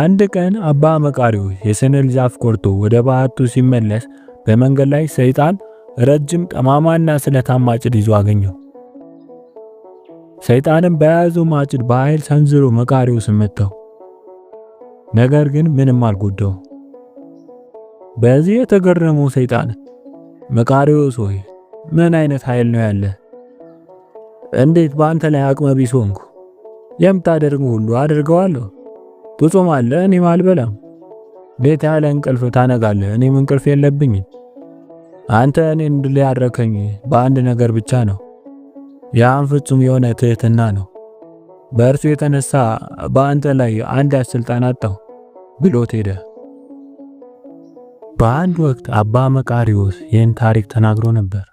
አንድ ቀን አባ መቃሪው የሰነል ዛፍ ቆርጦ ወደ ባህቱ ሲመለስ በመንገድ ላይ ሰይጣን ረጅም ጠማማና ስለታም ማጭድ ይዞ አገኘው። ሰይጣንም በያዘው ማጭድ በኃይል ሰንዝሮ መቃሪው ስመታው፣ ነገር ግን ምንም አልጎዳው። በዚህ የተገረመው ሰይጣን መቃሪዎስ ሆይ ምን አይነት ኃይል ነው ያለ? እንዴት በአንተ ላይ አቅመ ቢስ ሆንኩ? የምታደርገው ሁሉ አድርገዋለሁ አለ እኔም አልበላም። ቤት ያለ እንቅልፍ ታነጋለህ፣ እኔም እንቅልፍ የለብኝም። አንተ እኔን ሊያረከኝ በአንድ ነገር ብቻ ነው፣ ያም ፍጹም የሆነ ትህትና ነው። በእርሱ የተነሳ በአንተ ላይ አንድ ስልጣን አጣሁ ብሎት ሄደ። በአንድ ወቅት አባ መቃሪዎስ ይህን ታሪክ ተናግሮ ነበር።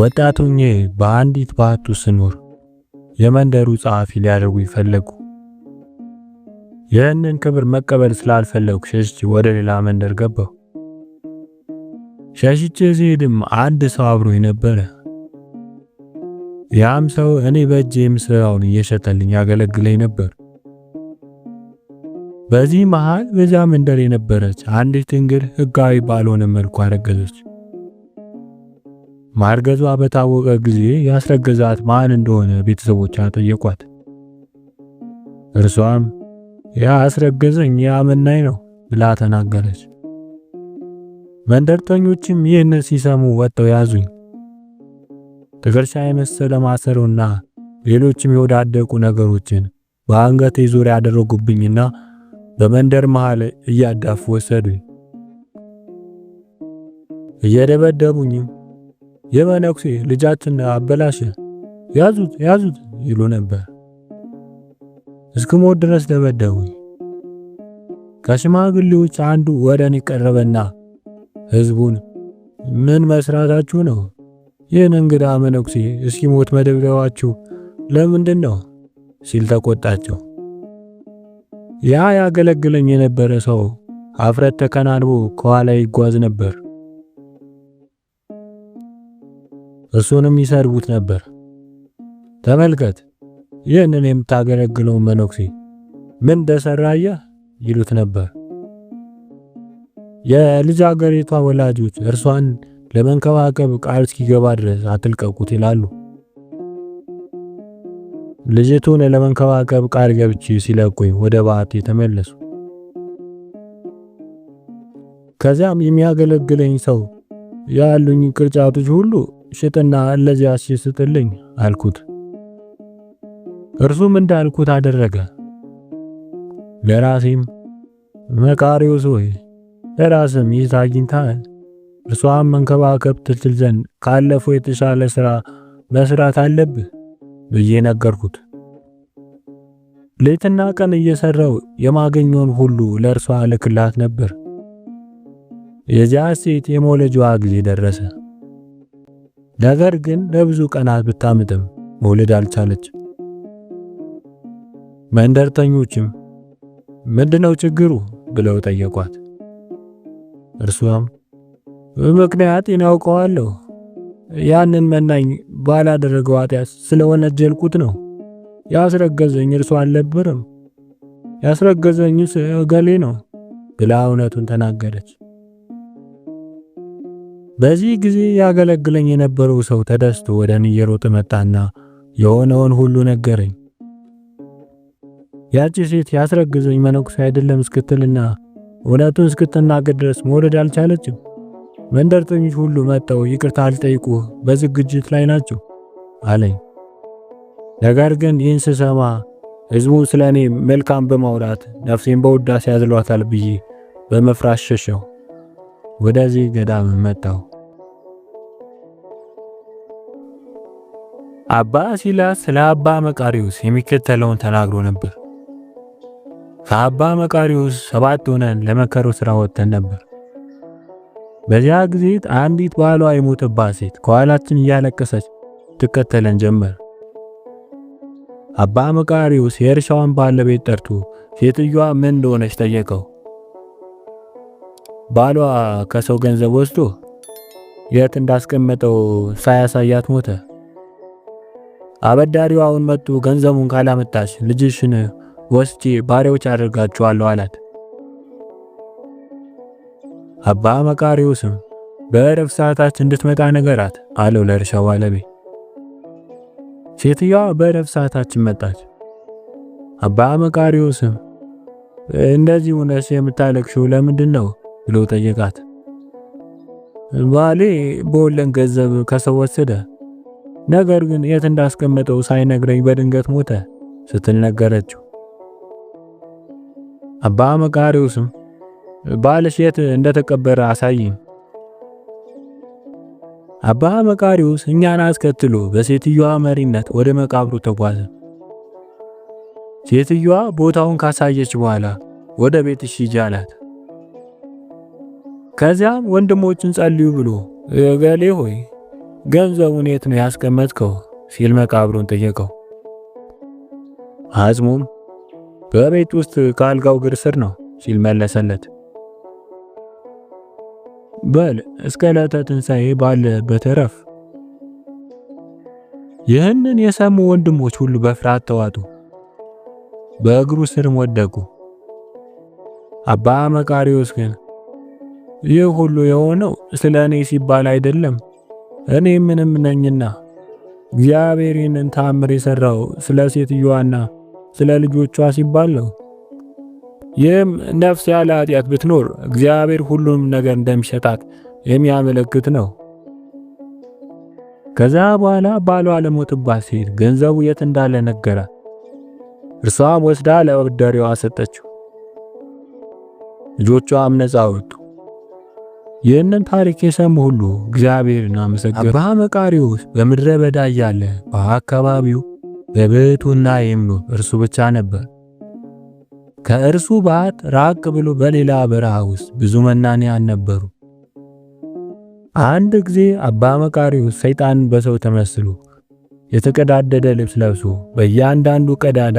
ወጣት በአንዲት ባቱ ስኖር የመንደሩ ጸሐፊ ሊያደርጉ ይፈለጉ ይህንን ክብር መቀበል ስላልፈለግኩ ሸሽቼ ወደ ሌላ መንደር ገባሁ። ሸሽቼ ሲሄድም አንድ ሰው አብሮኝ ነበረ። ያም ሰው እኔ በእጅ የምሰራውን እየሸጠልኝ ያገለግለኝ ነበር። በዚህ መሃል በዛ መንደር የነበረች አንዲት ድንግል ህጋዊ ባልሆነ መልኩ አረገዘች። ማርገዟ በታወቀ ጊዜ ያስረገዛት ማን እንደሆነ ቤተሰቦቿ ጠየቋት። እርሷም ያ አስረገዘኝ ያመናኝ ነው ብላ ተናገረች። መንደርተኞችም ይህን ሲሰሙ ወጥተው ያዙኝ። ትከሻ የመሰለ ማሰሮና ሌሎችም የወዳደቁ ነገሮችን በአንገቴ ዙሪያ ያደረጉብኝና በመንደር መሃል እያዳፉ ወሰዱኝ። እየደበደቡኝም የመነኩሴ ልጃችን አበላሸ፣ ያዙት ያዙት ይሉ ነበር። እስክሞት ድረስ ደበደቡኝ። ከሽማግሌዎች አንዱ ወደ እኔ ቀረበና ህዝቡን ምን መስራታችሁ ነው? ይህን እንግዳ መነኩሴ እስኪሞት መደብደባችሁ ለምንድን ነው ሲል ተቆጣቸው። ያ ያገለግለኝ የነበረ ሰው አፍረት ተከናንቦ ከኋላ ይጓዝ ነበር። እሱንም ይሰድቡት ነበር። ተመልከት ይህንን የምታገለግለው መነኩሴ ምን እንደሰራየ ይሉት ነበር። የልጃገረቷ ወላጆች እርሷን ለመንከባከብ ቃል እስኪገባ ድረስ አትልቀቁት ይላሉ። ልጅቱን ለመንከባከብ ቃል ገብቼ ሲለቁኝ ወደ ባት ተመለሱ። ከዚያም የሚያገለግለኝ ሰው ያሉኝ ቅርጫቶች ሁሉ ሽጥና ለዚያ ሲስጥልኝ አልኩት። እርሱም እንዳልኩት አደረገ። ለራሴም መቃሪዎስ ሆይ ለራስም ይህ ታግኝታል። እርሷን መንከባከብ ትችል ዘንድ ካለፈው የተሻለ ስራ መስራት አለብህ ብዬ ነገርኩት። ሌትና ቀን እየሰራው የማገኘውን ሁሉ ለእርሷ ልክላት ነበር። የዚያ ሴት የመውለጃዋ ጊዜ ደረሰ። ነገር ግን ለብዙ ቀናት ብታምጥም መውለድ አልቻለች። መንደርተኞችም ምንድነው ችግሩ ብለው ጠየቋት። እርሷም ምክንያት አውቀዋለሁ፣ ያንን መናኝ ባላደረገው ኃጢአት ስለወነጀልኩት ነው። ያስረገዘኝ እርሱ አልነበረም፣ ያስረገዘኝ እገሌ ነው ብላ እውነቱን ተናገረች። በዚህ ጊዜ ያገለግለኝ የነበረው ሰው ተደስቶ ወደ እኔ እየሮጠ መጣና የሆነውን ሁሉ ነገረኝ። ያቺ ሴት ያስረግዘኝ መነኩስ አይደለም እስክትልና እውነቱን እስክትናገር ድረስ መውለድ አልቻለችም። መንደርተኞች ሁሉ መጥተው ይቅርታ አልጠይቁ በዝግጅት ላይ ናቸው አለኝ። ነገር ግን ይህን ስሰማ ሕዝቡ ስለ እኔ መልካም በማውራት ነፍሴን በውዳሴ ያዝሏታል ብዬ በመፍራት ሸሸው። ወደዚህ ገዳም መጣሁ። አባ ሲላስ ስለ አባ መቃሪዎስ የሚከተለውን ተናግሮ ነበር። ከአባ መቃሪዎስ ሰባት ሆነን ለመከሩ ስራ ወጥተን ነበር። በዚያ ጊዜ አንዲት ባሏ የሞተባት ሴት ከኋላችን እያለቀሰች ትከተለን ጀመር። አባ መቃሪዎስ የእርሻዋን ባለቤት ጠርቶ ሴትዮዋ ምን እንደሆነች ጠየቀው። ባሏ ከሰው ገንዘብ ወስዶ የት እንዳስቀመጠው ሳያሳያት ሞተ። አበዳሪው አሁን መጥቶ ገንዘቡን ካላመጣች ልጅሽን ወስጄ ባሪያዎች አደርጋቸዋለሁ አላት። አባ መቃርዮስም በእረፍት ሰዓታት እንድትመጣ ነገራት አለው ለእርሻው ባለቤት። ሴትዮዋ በእረፍት ሰዓታችን መጣች። አባ መቃርዮስም እንደዚህ ሆነሽ የምታለቅሽው ለምንድን ነው ብሎ ጠየቃት። ባሌ በወለን ገንዘብ ከሰው ወሰደ፣ ነገር ግን የት እንዳስቀመጠው ሳይነግረኝ በድንገት ሞተ ስትል ነገረችው። አባ መቃርዮስም ባልሽ እንደተቀበረ አሳይን። አባ መቃሪዎስ እኛን አስከትሎ በሴትዮዋ መሪነት ወደ መቃብሩ ተጓዘ። ሴትዮዋ ቦታውን ካሳየች በኋላ ወደ ቤትሽ ሂጂ አላት። ከዚያም ወንድሞችን ጸልዩ ብሎ እገሌ ሆይ ገንዘቡን የት ነው ያስቀመጥከው ሲል መቃብሩን ጠየቀው። አጽሙም በቤት ውስጥ ከአልጋው እግር ስር ነው ሲል መለሰለት። በል እስከ ዕለተ ትንሣኤ ባለ በተረፍ። ይህንን የሰሙ ወንድሞች ሁሉ በፍርሃት ተዋጡ፣ በእግሩ ስርም ወደቁ። አባ መቃሪዎስ ግን ይህ ሁሉ የሆነው ስለ እኔ ሲባል አይደለም፣ እኔ ምንም ነኝና እግዚአብሔር ይህንን ታምር የሰራው ስለ ሴትዮዋና ስለ ልጆቿ ሲባል ነው። ይህም ነፍስ ያለ ኃጢአት ብትኖር እግዚአብሔር ሁሉንም ነገር እንደሚሰጣት የሚያመለክት ነው። ከዛ በኋላ ባሏ ለሞትባት ሴት ገንዘቡ የት እንዳለ ነገራት። እርሷም ወስዳ ለአበዳሪዋ ሰጠችው። ልጆቿም ነጻ ወጡ። ይህንን ታሪክ የሰሙ ሁሉ እግዚአብሔርን አመሰገኑ። አባ መቃሪዎስ በምድረ በዳ እያለ በአካባቢው በቤቱና የሚኖር እርሱ ብቻ ነበር። ከእርሱ ባት ራቅ ብሎ በሌላ በረሃ ውስጥ ብዙ መናንያን ነበሩ። አንድ ጊዜ አባ መቃርዮስ ሰይጣን በሰው ተመስሎ የተቀዳደደ ልብስ ለብሶ በእያንዳንዱ ቀዳዳ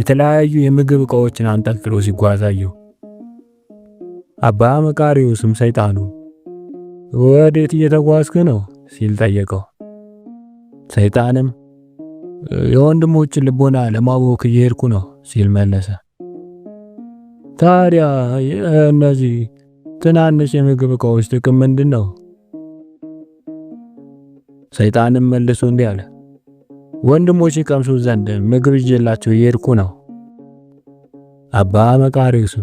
የተለያዩ የምግብ እቃዎችን አንጠልጥሎ ሲጓዝ አየው። አባ መቃርዮስም ሰይጣኑ ወዴት እየተጓዝክ ነው ሲል ጠየቀው። ሰይጣንም የወንድሞችን ልቦና ለማወክ እየሄድኩ ነው ሲል መለሰ። ታዲያ እነዚህ ትናንሽ የምግብ እቃዎች ጥቅም ምንድን ነው? ሰይጣንም መልሶ እንዲህ አለ፣ ወንድሞች ቀምሱ ዘንድ ምግብ ይዤላቸው እየሄድኩ ነው። አባ መቃርዮስ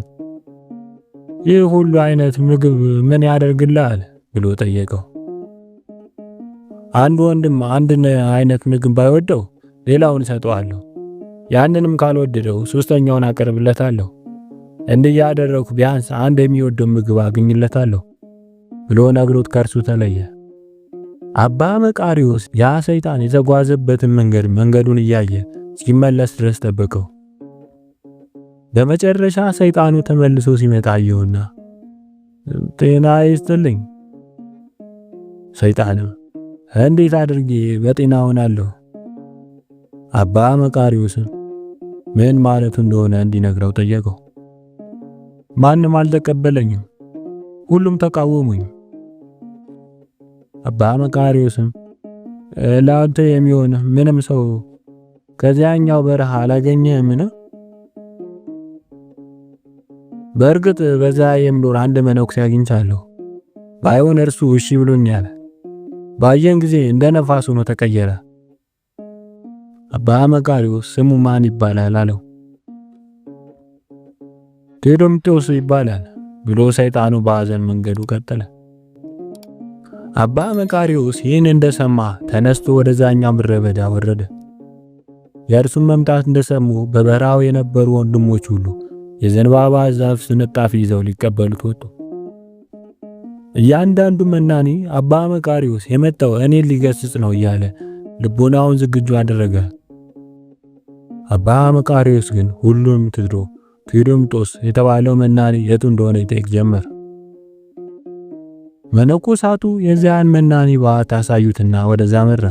ይህ ሁሉ አይነት ምግብ ምን ያደርግልሃል ብሎ ጠየቀው። አንድ ወንድም አንድን አይነት ምግብ ባይወደው ሌላውን እሰጠዋለሁ። ያንንም ካልወደደው ሶስተኛውን አቀርብለታለሁ። እንዲህ ያደረግኩ ቢያንስ አንድ የሚወደው ምግብ አግኝለታለሁ ብሎ ነግሮት ከእርሱ ተለየ። አባ መቃሪዎስ ያ ሰይጣን የተጓዘበትን መንገድ መንገዱን እያየ ሲመለስ ድረስ ጠበቀው። በመጨረሻ ሰይጣኑ ተመልሶ ሲመጣ አየውና ጤና ይስጥልኝ። ሰይጣንም እንዴት አድርጌ በጤና ሆናለሁ አባ መቃሪዎስን ምን ማለት እንደሆነ እንዲነግረው ጠየቀው። ማንም አልተቀበለኝም፣ ሁሉም ተቃወሙኝ። አባ መቃሪዎስም ለአንተ የሚሆን ምንም ሰው ከዚያኛው በረሃ አላገኘህምን? በእርግጥ በዛ የሚኖር አንድ መነኩሴ አግኝቻለሁ። ባይሆን እርሱ እሺ ብሎኛል። ባየን ጊዜ እንደ ነፋስ ሆኖ ተቀየረ። አባ መቃርዮስ ስሙ ማን ይባላል አለው። ቴዶምጤዎስ ይባላል ብሎ ሰይጣኑ በሐዘን መንገዱ ቀጠለ። አባ መቃሪዎስ ይህን እንደሰማ ተነስቶ ወደዛኛው ምድረ በዳ ወረደ። የእርሱን መምጣት እንደሰሙ በበረሃው የነበሩ ወንድሞች ሁሉ የዘንባባ ዛፍ ስንጣፊ ይዘው ሊቀበሉት ወጡ። እያንዳንዱ መናኒ አባ መቃርዮስ የመጣው እኔን ሊገስጽ ነው እያለ ልቦናውን ዝግጁ አደረገ። አባ መቃሪዎስ ግን ሁሉም ትቶ ኪሮምጦስ የተባለው መናኔ የቱ እንደሆነ ይጠይቅ ጀመር። መነኮሳቱ የዚያን መናኔ ባት አሳዩትና ወደዛ መራ።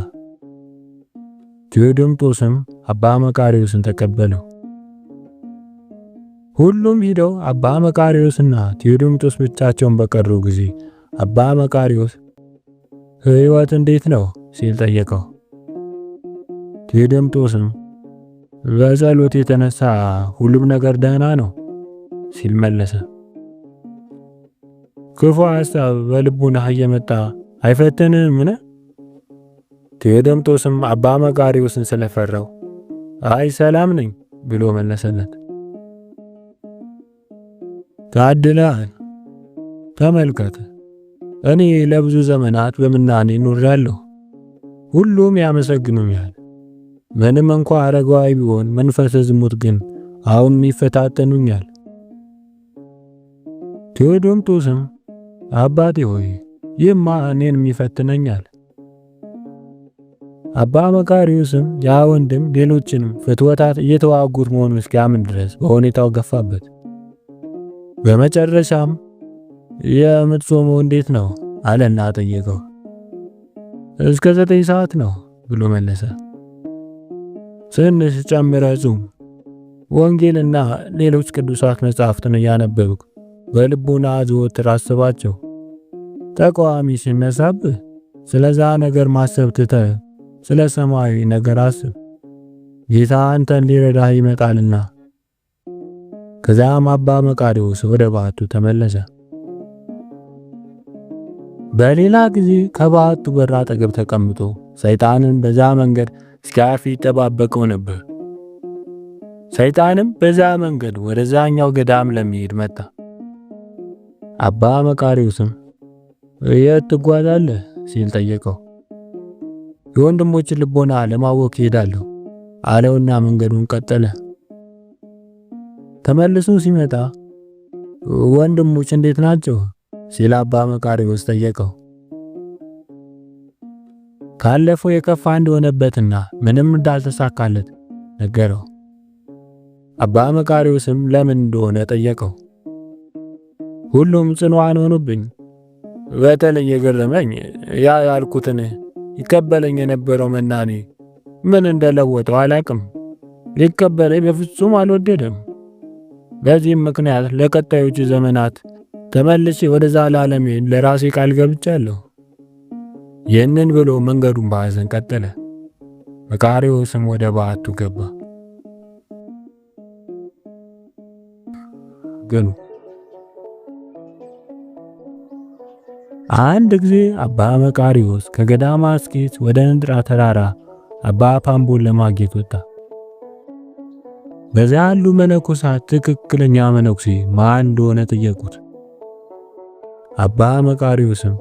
ቴዎዶምጦስም አባ መቃሪዎስን ተቀበለው። ሁሉም ሂደው አባ መቃሪዎስና ቴዎዶምጦስ ብቻቸውን በቀሩ ጊዜ አባ መቃርዮስ ሕይወት እንዴት ነው ሲል ጠየቀው። ቴዎዶምጦስም በጸሎት የተነሳ ሁሉም ነገር ደህና ነው ሲል መለሰ። ክፉ ሐሳብ በልቡናህ እየመጣ አይፈትንህምን? ቴዎደምጦስም አባ መቃርዮስን ስለፈራው አይ ሰላም ነኝ ብሎ መለሰለት። ታድለሃል። ተመልከት፣ እኔ ለብዙ ዘመናት በምናኔ ኖሬአለሁ፣ ሁሉም ያመሰግኑኛል። ምንም እንኳ አረጋዊ ቢሆን መንፈሰ ዝሙት ግን አሁንም ይፈታተኑኛል። ቴዎዶምጦስም አባቴ ሆይ ይህማ እኔንም ይፈትነኛል። አባ መቃሪዎስም ያ ወንድም ሌሎችንም ፍትወታት እየተዋጉት መሆኑ እስኪያምን ድረስ በሁኔታው ገፋበት። በመጨረሻም የምትጾመው እንዴት ነው አለና ጠየቀው። እስከ ዘጠኝ ሰዓት ነው ብሎ መለሰ። ትንሽ ጹም። ወንጌልና ሌሎች ቅዱሳት መጻሕፍትን እያነበብኩ በልቡና አዘወትር አስባቸው። ተቃዋሚ ሲነሳብህ ስለዛ ነገር ማሰብ ትተህ ስለ ሰማያዊ ነገር አስብ። ጌታ አንተን ሊረዳህ ይመጣልና። ከዚያም አባ መቃርዮስ ወደ ባቱ ተመለሰ። በሌላ ጊዜ ከባቱ በር አጠገብ ተቀምጦ ሰይጣንን በዛ መንገድ እስኪያርፍ ይጠባበቀው ነበር። ሰይጣንም በዛ መንገድ ወደዛኛው ገዳም ለመሄድ መጣ። አባ መቃሪዎስም የት ትጓዛለህ ሲል ጠየቀው። የወንድሞችን ልቦና ለማወቅ ይሄዳለሁ አለውና መንገዱን ቀጠለ። ተመልሶ ሲመጣ ወንድሞች እንዴት ናቸው ሲል አባ መቃሪዎስ ጠየቀው። ካለፈው የከፋ እንደሆነበትና ምንም እንዳልተሳካለት ነገረው። አባ መቃርዮስም ለምን እንደሆነ ጠየቀው። ሁሉም ጽኑዋን ሆኑብኝ። በተለይ የገረመኝ ያ ያልኩትን ይቀበለኝ የነበረው መናኔ ምን እንደለወጠው አላቅም። ሊቀበለኝ በፍጹም አልወደደም። በዚህም ምክንያት ለቀጣዮቹ ዘመናት ተመልሼ ወደዛ ዘላለሜ ለራሴ ቃል ገብቻለሁ። ይህንን ብሎ መንገዱን በሐዘን ቀጠለ። መቃሪዎስም ወደ በዓቱ ገባ። ግን አንድ ጊዜ አባ መቃሪዎስ ከገዳማ አስኬት ወደ ንድራ ተራራ አባ ፓምቦን ለማግኘት ወጣ። በዚያ ያሉ መነኮሳት ትክክለኛ መነኩሴ ማን እንደሆነ ጠየቁት። አባ መቃሪዎስም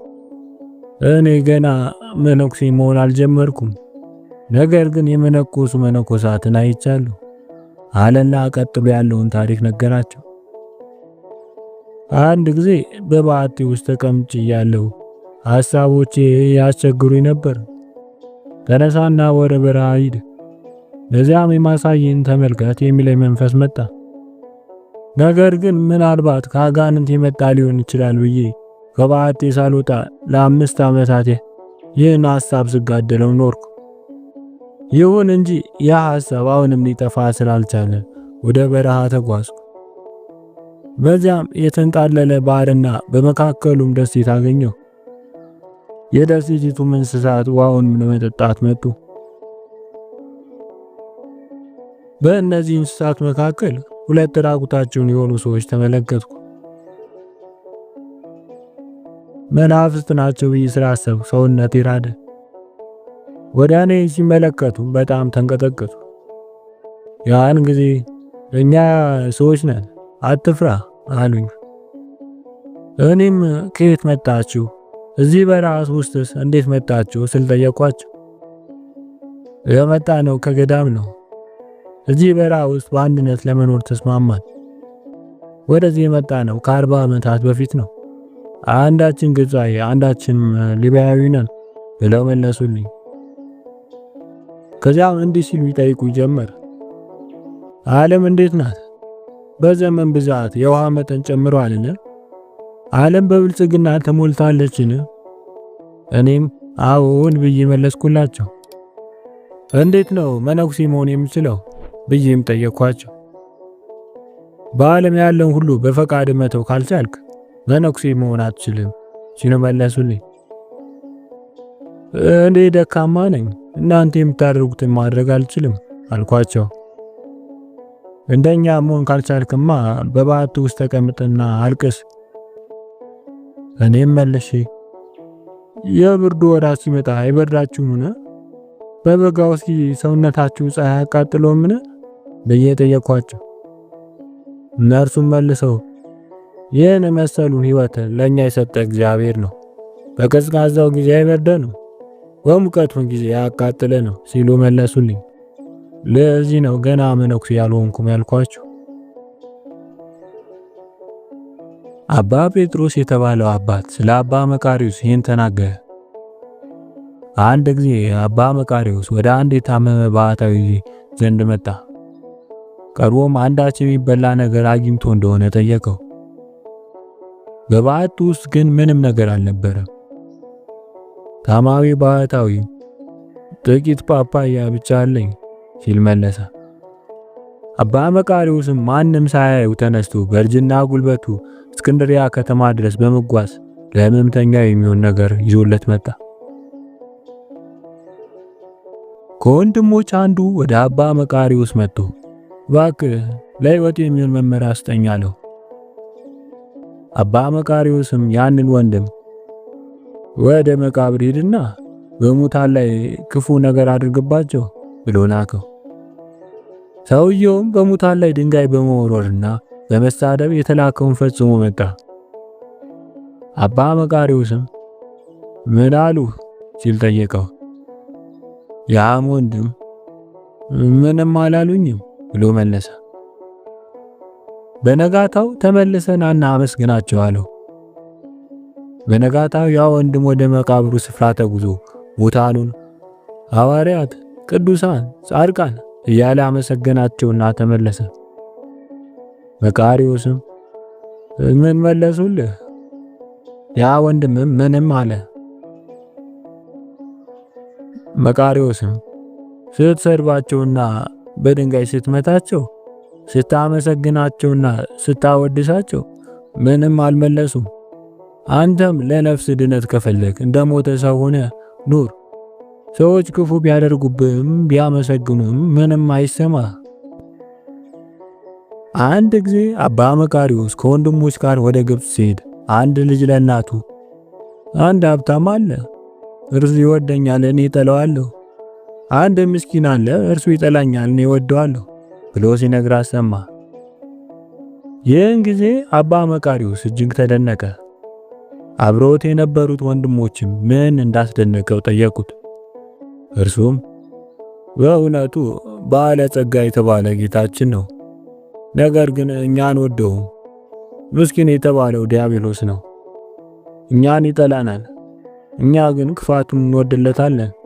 እኔ ገና መነኩሴ መሆን አልጀመርኩም። ነገር ግን የመነኮሱ መነኮሳትን አይቻለሁ አለና ቀጥሎ ያለውን ታሪክ ነገራቸው። አንድ ጊዜ በባቴ ውስጥ ተቀምጭ ያለው ሐሳቦቼ ያስቸግሩኝ ነበር። ተነሳና ወደ በረሃ ሂድ፣ በዚያም የማሳይን ተመልከት የሚለኝ መንፈስ መጣ። ነገር ግን ምናልባት ከአጋንንት የመጣ ሊሆን ይችላል ብዬ ከባቴ ሳልወጣ ለአምስት ዓመታት ይህን ሐሳብ ስጋደለው ኖርኩ። ይሁን እንጂ ያ ሐሳብ አሁንም ሊጠፋ ስላልቻለ ወደ በረሃ ተጓዝኩ። በዚያም የተንጣለለ ባህርና በመካከሉም ደሴት አገኘሁ። የደሴቲቱም እንስሳት ውሃውን ለመጠጣት መጡ። በእነዚህ እንስሳት መካከል ሁለት ራቁታቸውን የሆኑ ሰዎች ተመለከትኩ። መናፍስት ናቸው ብዬ ስላሰብኩ ሰውነት ይራደ ወደ እኔ ሲመለከቱ በጣም ተንቀጠቀጡ። ያን ጊዜ እኛ ሰዎች ነን አትፍራ አሉኝ። እኔም ከየት መጣችሁ እዚህ በራስ ውስጥስ እንዴት መጣችሁ ስል ጠየኳቸው። የመጣ ነው ከገዳም ነው። እዚህ በራ ውስጥ በአንድነት ለመኖር ተስማማን። ወደዚህ የመጣ ነው ከአርባ ዓመታት በፊት ነው። አንዳችን ግብፃዊ አንዳችን ሊቢያዊ ነን ብለው መለሱልኝ። ከዚያ እንዲህ ሲሉ ይጠይቁ ጀመር። ዓለም እንዴት ናት? በዘመን ብዛት የውሃ መጠን ጨምሯልን? ዓለም በብልጽግና ተሞልታለችን? እኔም አዎን ብዬ መለስኩላቸው። እንዴት ነው መነኩሴ መሆን የምችለው ብዬም ጠየኳቸው። በዓለም ያለን ሁሉ በፈቃድ መተው ካልቻልክ መነኩሴ መሆን አትችልም ሲሉ መለሱልኝ። እኔ ደካማ ነኝ፣ እናንተ የምታደርጉትን ማድረግ አልችልም አልኳቸው። እንደኛ መሆን ካልቻልክማ በባቱ ውስጥ ተቀምጥና አልቅስ። እኔም መልሼ የብርዱ ወራት ሲመጣ አይበርዳችሁምን? በበጋ ውስጥ ሰውነታችሁ ፀሐይ አቃጥሎምን ብዬ ጠየኳቸው። እነርሱም መልሰው ይህን መሰሉን ህይወት ለእኛ የሰጠ እግዚአብሔር ነው። በቀዝቃዛው ጊዜ አይበርደንም፣ በሙቀቱን ጊዜ አያቃጥለንም ሲሉ መለሱልኝ። ለዚህ ነው ገና መነኩሴ ያልሆንኩም ያልኳችሁ። አባ ጴጥሮስ የተባለው አባት ስለ አባ መቃሪዎስ ይህን ተናገረ። አንድ ጊዜ አባ መቃሪዎስ ወደ አንድ የታመመ ባህታዊ ዘንድ መጣ። ቀርቦም አንዳች የሚበላ ነገር አግኝቶ እንደሆነ ጠየቀው። በባዕቱ ውስጥ ግን ምንም ነገር አልነበረም። ታማዊ ባሕታዊ ጥቂት ፓፓያ ብቻ አለኝ ሲል መለሰ። አባ መቃሪዎስም ማንም ሳያየው ተነስቶ በእርጅና ጉልበቱ እስክንድሪያ ከተማ ድረስ በመጓዝ ለሕመምተኛ የሚሆን ነገር ይዞለት መጣ። ከወንድሞች አንዱ ወደ አባ መቃሪዎስ መጥቶ እባክህ ለሕይወት የሚሆን መመሪያ ስጠኝ አለው። አባ መቃርዮስም ያንን ወንድም ወደ መቃብር ሂድና በሙታን ላይ ክፉ ነገር አድርግባቸው ብሎ ላከው። ሰውየውም በሙታን ላይ ድንጋይ በመወርወርና በመሳደብ የተላከውን ፈጽሞ መጣ። አባ መቃርዮስም ምን አሉ ሲል ጠየቀው። ያም ወንድም ምንም አላሉኝም ብሎ መለሰ። በነጋታው ተመልሰን አመስግናቸው አለው። በነጋታው ያ ወንድም ወደ መቃብሩ ስፍራ ተጉዞ ሙታኑን ሐዋርያት፣ ቅዱሳን፣ ጻድቃን እያለ አመሰገናቸውና ተመለሰ። መቃሪዎስም ምን መለሱልህ? ያ ወንድምም ምንም አለ። መቃሪዎስም ስትሰድባቸውና በድንጋይ ስትመታቸው ስታመሰግናቸውና ስታወድሳቸው ምንም አልመለሱም። አንተም ለነፍስ ድነት ከፈለግ እንደ ሞተ ሰው ሆነ ኑር። ሰዎች ክፉ ቢያደርጉብም ቢያመሰግኑም ምንም አይሰማ። አንድ ጊዜ አባ መቃሪዎስ ከወንድሞች ጋር ወደ ግብፅ ሲሄድ አንድ ልጅ ለእናቱ አንድ ሀብታም አለ፣ እርሱ ይወደኛል፣ እኔ እጠለዋለሁ። አንድ ምስኪን አለ፣ እርሱ ይጠላኛል፣ እኔ እወደዋለሁ። ብሎ ሲነግራት ሰማ። ይህን ጊዜ አባ መቃሪዎስ እጅግ ተደነቀ። አብረውት የነበሩት ወንድሞችም ምን እንዳስደነቀው ጠየቁት። እርሱም በእውነቱ ባለ ጸጋ የተባለ ጌታችን ነው፣ ነገር ግን እኛን ወደውም ምስኪን የተባለው ዲያብሎስ ነው። እኛን ይጠላናል፣ እኛ ግን ክፋቱን እንወድለታለን።